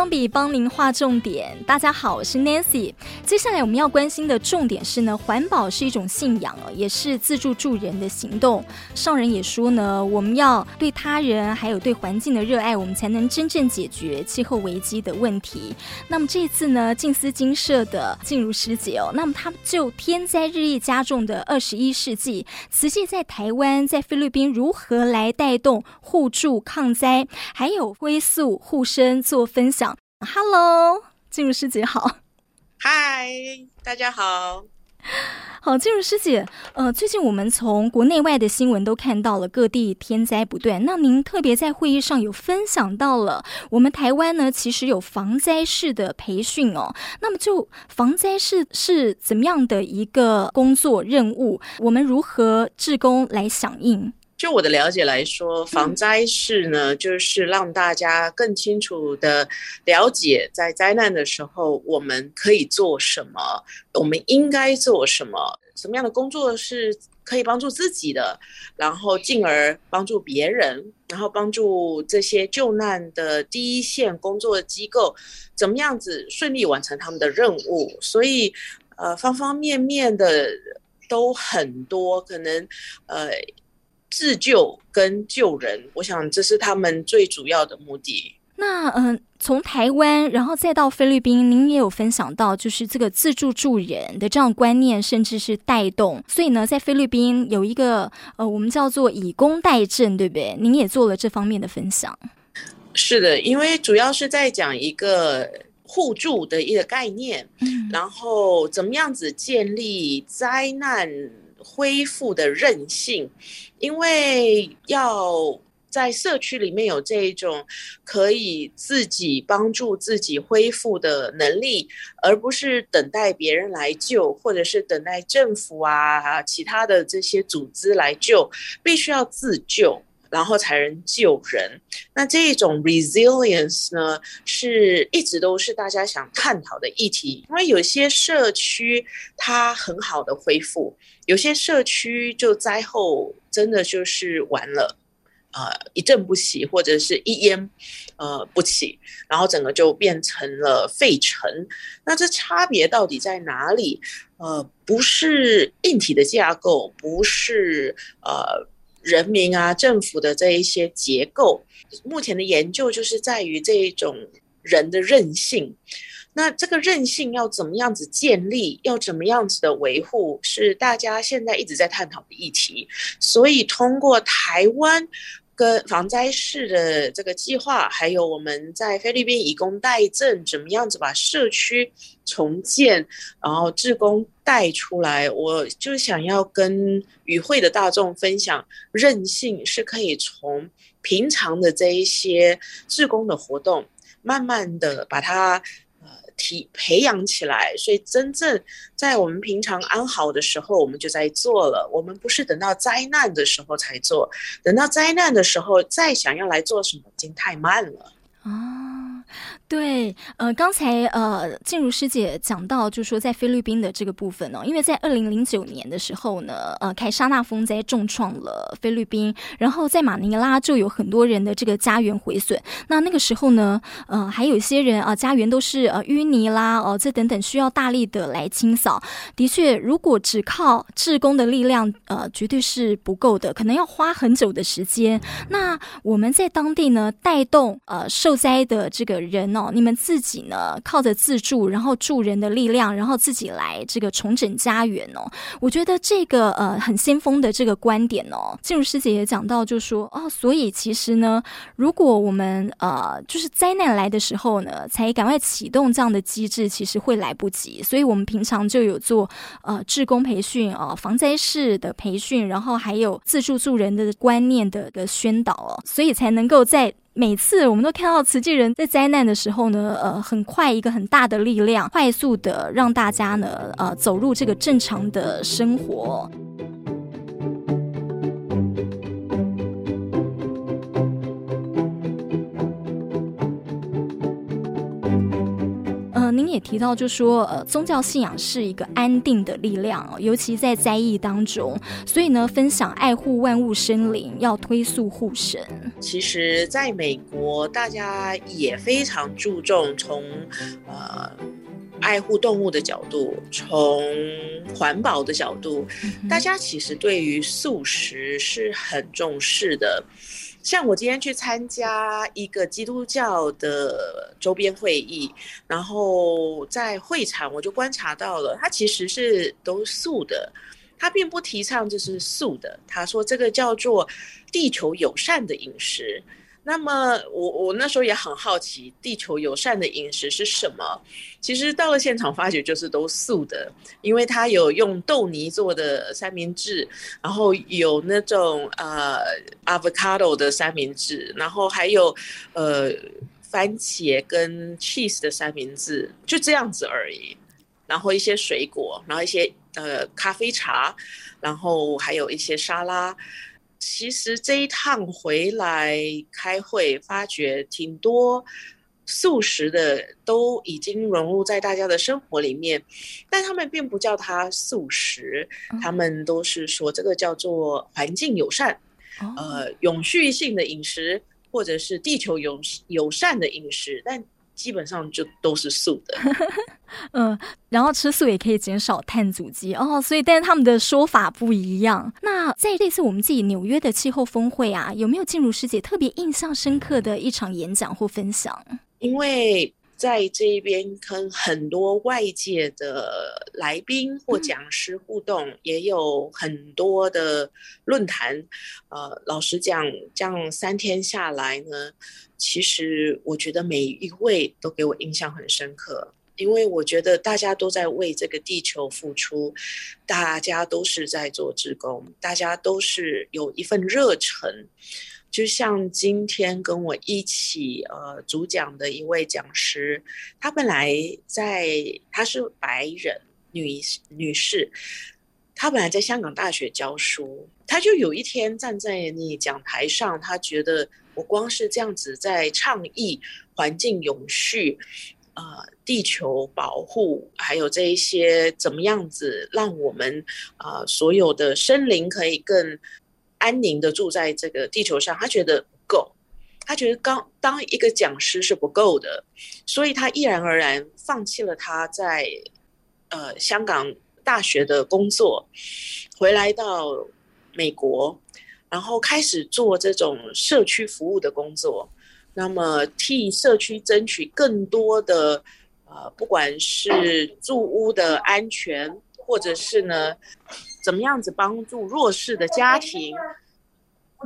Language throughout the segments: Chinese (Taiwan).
螢光筆幫您劃重點。大家好，我是 Nancy。接下來我們要關心的重點是呢，環保是一種信仰哦，也是自助助人的行動。上人也說呢，我們要對他人還有對環境的熱愛，我們才能真正解決氣候危機的問題。那麼這次呢，靜思精舍的靜儒師姐哦，那麼他們就天災日益加重的二十一世紀，慈濟在台灣、在菲律賓如何來帶動互助抗災，還有歸宿護身做分享。Hello，靜儒師姐好。嗨，大家好。好，靜儒師姐，呃，最近我們從國內外的新聞都看到了各地天災不斷。那您特別在會議上有分享到了，我們台灣呢其實有防災士的培訓哦。那麼就防災士是怎麼樣的一個工作任務？我們如何志工來響應？就我的了解來說，防災士呢，就是讓大家更清楚的了解，在災難的時候我們可以做什麼，我們應該做什麼，什麼樣的工作是可以幫助自己的，然後進而幫助別人，然後幫助這些救難的第一線工作機構怎麼樣子順利完成他們的任務。所以，呃，方方面面的都很多，可能呃。自救跟救人，我想這是他們最主要的目的。那嗯、呃，從台灣然後再到菲律賓，您也有分享到，就是這個自助助人的這樣的觀念，甚至是帶動。所以呢，在菲律賓有一個呃，我們叫做以工代賑，對不對？您也做了這方面的分享。是的，因為主要是在講一個互助的一個概念，嗯、然後怎麼樣子建立災難。恢復的韌性，因為要在社區裡面有這一種可以自己幫助自己恢復的能力，而不是等待別人來救，或者是等待政府啊，其他的這些組織來救，必須要自救。然後才能救人。那這種 resilience 呢，是一直都是大家想探討的議題。因為有些社區它很好的恢復，有些社區就災後真的就是完了，呃，一震不起，或者是一淹呃不起，然後整個就變成了廢城。那這差別到底在哪裡？呃，不是硬體的架構，不是呃。人民啊，政府的這一些結構，目前的研究就是在於這一種人的韌性。那這個韌性要怎麼樣子建立，要怎麼樣子的維護，是大家現在一直在探討的議題。所以，通過台灣。跟防災士的這個計劃，還有我們在菲律賓以工代賑，怎麼樣子把社區重建，然後志工帶出來，我就想要跟與會的大眾分享，韌性是可以從平常的這一些志工的活動，慢慢的把它。培養起來，所以真正在我們平常安好的時候，我們就在做了。我們不是等到災難的時候才做，等到災難的時候再想要來做什麼，已經太慢了。對，呃，剛才呃，靜儒師姐講到，就是說在菲律賓的這個部分哦，因為在二零零九年的時候呢，呃，凱沙納風災重創了菲律賓，然後在馬尼拉就有很多人的這個家園毀損。那那個時候呢，呃，還有一些人啊、呃，家園都是呃淤泥啦，哦、呃，這等等需要大力的來清掃。的確，如果只靠志工的力量，呃，絕對是不夠的，可能要花很久的時間。那我們在當地呢，帶動呃受災的這個。人哦，你們自己呢，靠着自助，然後助人的力量，然後自己來這個重整家園哦。我覺得這個呃很先鋒的這個觀點哦。靜儒師姐也講到，就說哦，所以其實呢，如果我們呃就是災難來的時候呢，才趕快啟動這樣的機制，其實會來不及。所以我們平常就有做呃志工培訓哦、呃，防災士的培訓，然後還有自助助人的觀念的的宣導、哦，所以才能夠在。每次，我們都看到慈濟人在災難的時候呢，呃，很快一個很大的力量，快速地讓大家呢，呃，走入這個正常的生活。也提到，就是說呃，宗教信仰是一個安定的力量，尤其在災疫當中。所以呢，分享愛護萬物生靈，要推素護生。其實，在美國，大家也非常注重從呃愛護動物的角度，從環保的角度、嗯，大家其實對於素食是很重視的。像我今天去參加一個基督教的週邊會議，然後在會場我就觀察到了，他其實是都是素的，他並不提倡就是素的，他說這個叫做地球友善的飲食。那麼我我那時候也很好奇，地球友善的飲食是什麼？其實到了現場，發覺就是都素的，因為它有用豆泥做的三明治，然後有那種呃 avocado 的三明治，然後還有呃番茄跟 cheese 的三明治，就這樣子而已。然後一些水果，然後一些呃咖啡茶，然後還有一些沙拉。其實這一趟回來開會，發覺挺多素食的都已經融入在大家的生活裡面，但他們並不叫它素食，他們都是說這個叫做環境友善，嗯、呃，永續性的飲食，或者是地球友友善的飲食，但。基本上就都是素的， 嗯，然後吃素也可以減少碳足跡哦，oh, 所以但是他們的說法不一樣。那在類似我們自己紐約的氣候峰會啊，有沒有靜儒師姐特別印象深刻的一場演講或分享？因為。在這邊跟很多外界的來賓或講師互動，也有很多的論壇。嗯。呃，老實講，這樣三天下來呢，其實我覺得每一位都給我印象很深刻，因為我覺得大家都在為這個地球付出，大家都是在做志工，大家都是有一份熱忱。就像今天跟我一起呃主講的一位講師，他本來在他是白人女女士，她本來在香港大學教書，她就有一天站在你講台上，她覺得我光是這樣子在倡議環境永續，呃，地球保護，還有這一些怎麼樣子讓我們啊、呃、所有的生靈可以更。安寧的住在這個地球上，他覺得不夠，他覺得剛當一個講師是不夠的，所以他毅然而然放棄了他在呃香港大學的工作，回來到美國，然後開始做這種社區服務的工作，那麼替社區爭取更多的呃，不管是住屋的安全，或者是呢。怎麼樣子幫助弱勢的家庭，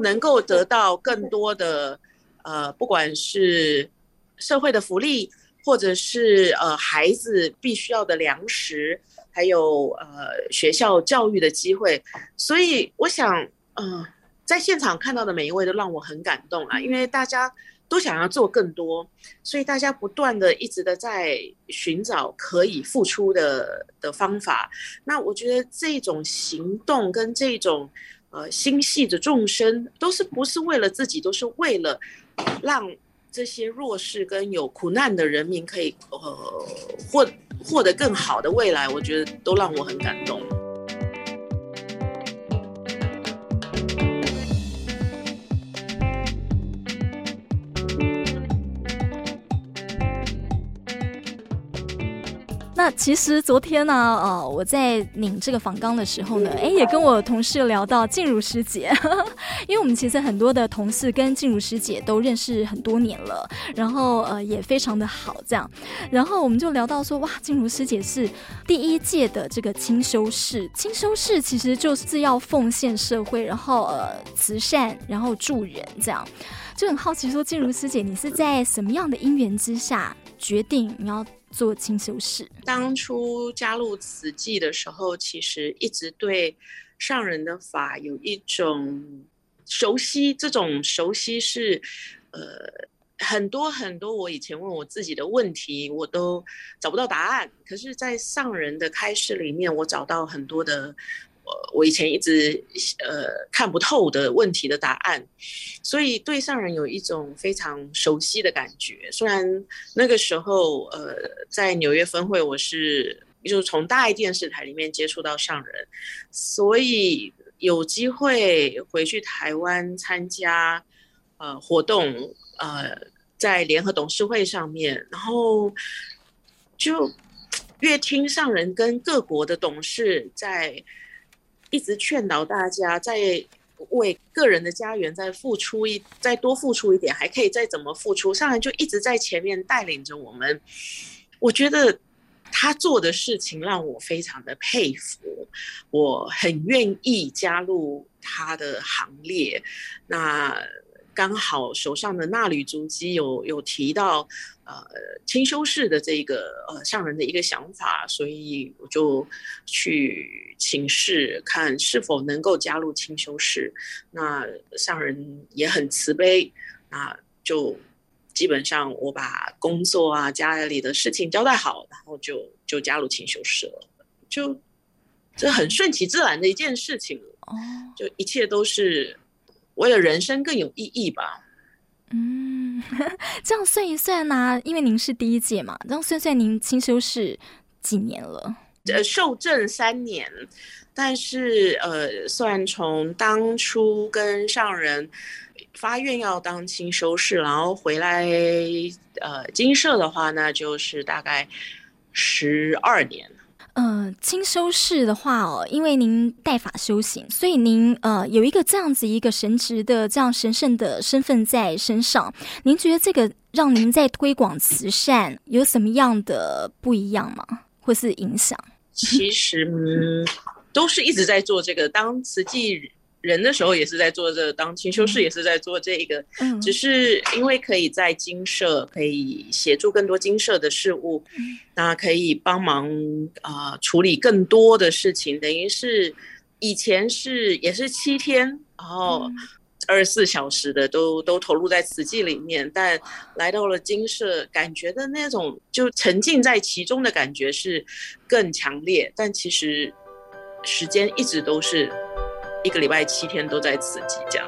能夠得到更多的，呃，不管是社會的福利，或者是呃孩子必須要的糧食，還有呃學校教育的機會。所以我想，嗯、呃，在現場看到的每一位都讓我很感動啊，因為大家。都想要做更多，所以大家不斷的、一直的在尋找可以付出的的方法。那我覺得這種行動跟這種呃心繫的眾生，都是不是為了自己，都是為了讓這些弱勢跟有苦難的人民可以呃獲獲得更好的未來。我覺得都讓我很感動。其實昨天呢、啊，呃，我在擰這個訪綱的時候呢，哎，也跟我同事聊到靜儒師姐呵呵，因為我們其實很多的同事跟靜儒師姐都認識很多年了，然後呃也非常的好這樣，然後我們就聊到說，哇，靜儒師姐是第一屆的這個清修士，清修士其實就是要奉獻社會，然後呃慈善，然後助人這樣，就很好奇說，靜儒師姐，你是在什麼樣的因緣之下決定你要做清修士。當初加入慈濟的時候，其實一直對上人的法有一種熟悉。這種熟悉是，呃，很多很多我以前問我自己的問題，我都找不到答案。可是，在上人的開示裡面，我找到很多的。我以前一直呃看不透的問題的答案，所以對上人有一種非常熟悉的感覺。雖然那個時候呃在紐約分會，我是就是、從大愛電視台裡面接觸到上人，所以有機會回去台灣參加呃活動，呃在聯合董事會上面，然後就越聽上人跟各國的董事在，一直勸導大家在為個人的家園再付出一、再多付出一點，還可以再怎麼付出。上來就一直在前面帶領着我們，我覺得他做的事情讓我非常的佩服，我很願意加入他的行列。那。剛好手上的衲履足跡，有有提到，呃，清修士的這個呃上人的一個想法，所以我就去請示看是否能夠加入清修士。那上人也很慈悲，那就基本上我把工作啊、家裡的事情交代好，然後就就加入清修士了，就這很順其自然的一件事情，就一切都是。為了人生更有意義吧。嗯，呵呵這樣算一算呢，啊，因為您是第一屆嘛，這樣算算您清修是幾年了？呃，受證三年，但是呃，算從當初跟上人發願要當清修士，然後回來呃精舍的話，那就是大概十二年。呃，清修士的話哦，因為您帶法修行，所以您呃有一個這樣子一個神職的這樣神聖的身份在身上，您覺得這個讓您在推廣慈善有什麼樣的不一樣嗎？或是影響？其實都是一直在做這個，當慈濟人的時候也是在做這個，當清修士也是在做這個。嗯，只是因為可以在精舍可以協助更多精舍的事物，嗯、那可以幫忙啊、呃、處理更多的事情，等於是以前是也是七天，然後二十四小時的都都投入在慈濟裡面，但來到了精舍，感覺的那種就沉浸在其中的感覺是更強烈，但其實時間一直都是。一個禮拜七天都在自己家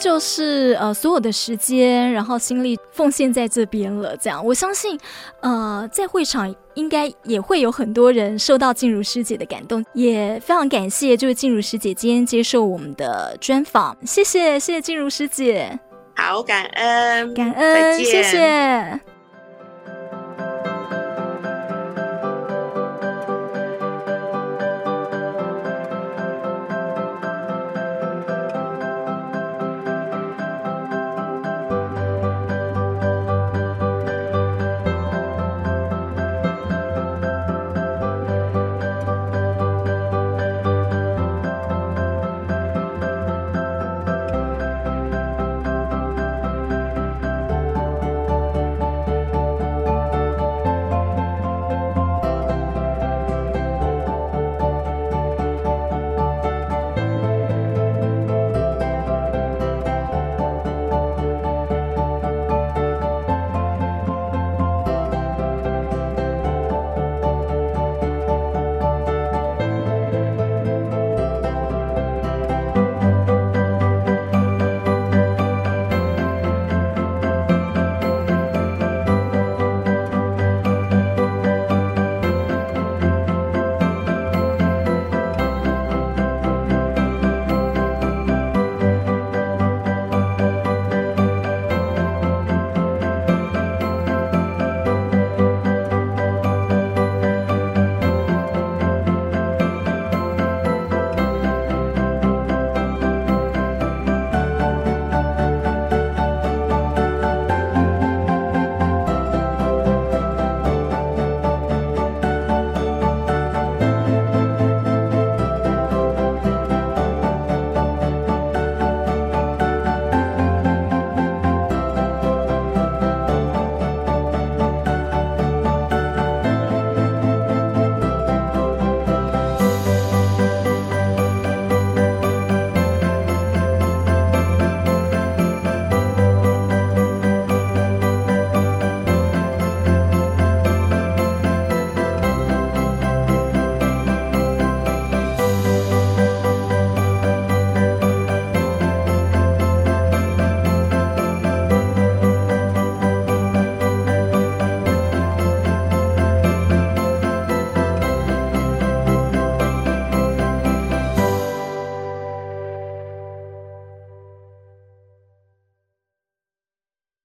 就是，呃，所有的時間，然後心力奉獻在這邊了。這樣，我相信，呃，在會場應該也會有很多人受到靜儒師姐的感動，也非常感謝，就是靜儒師姐今天接受我們的專訪，謝謝，謝謝靜儒師姐。好，感恩，感恩，再見，謝謝。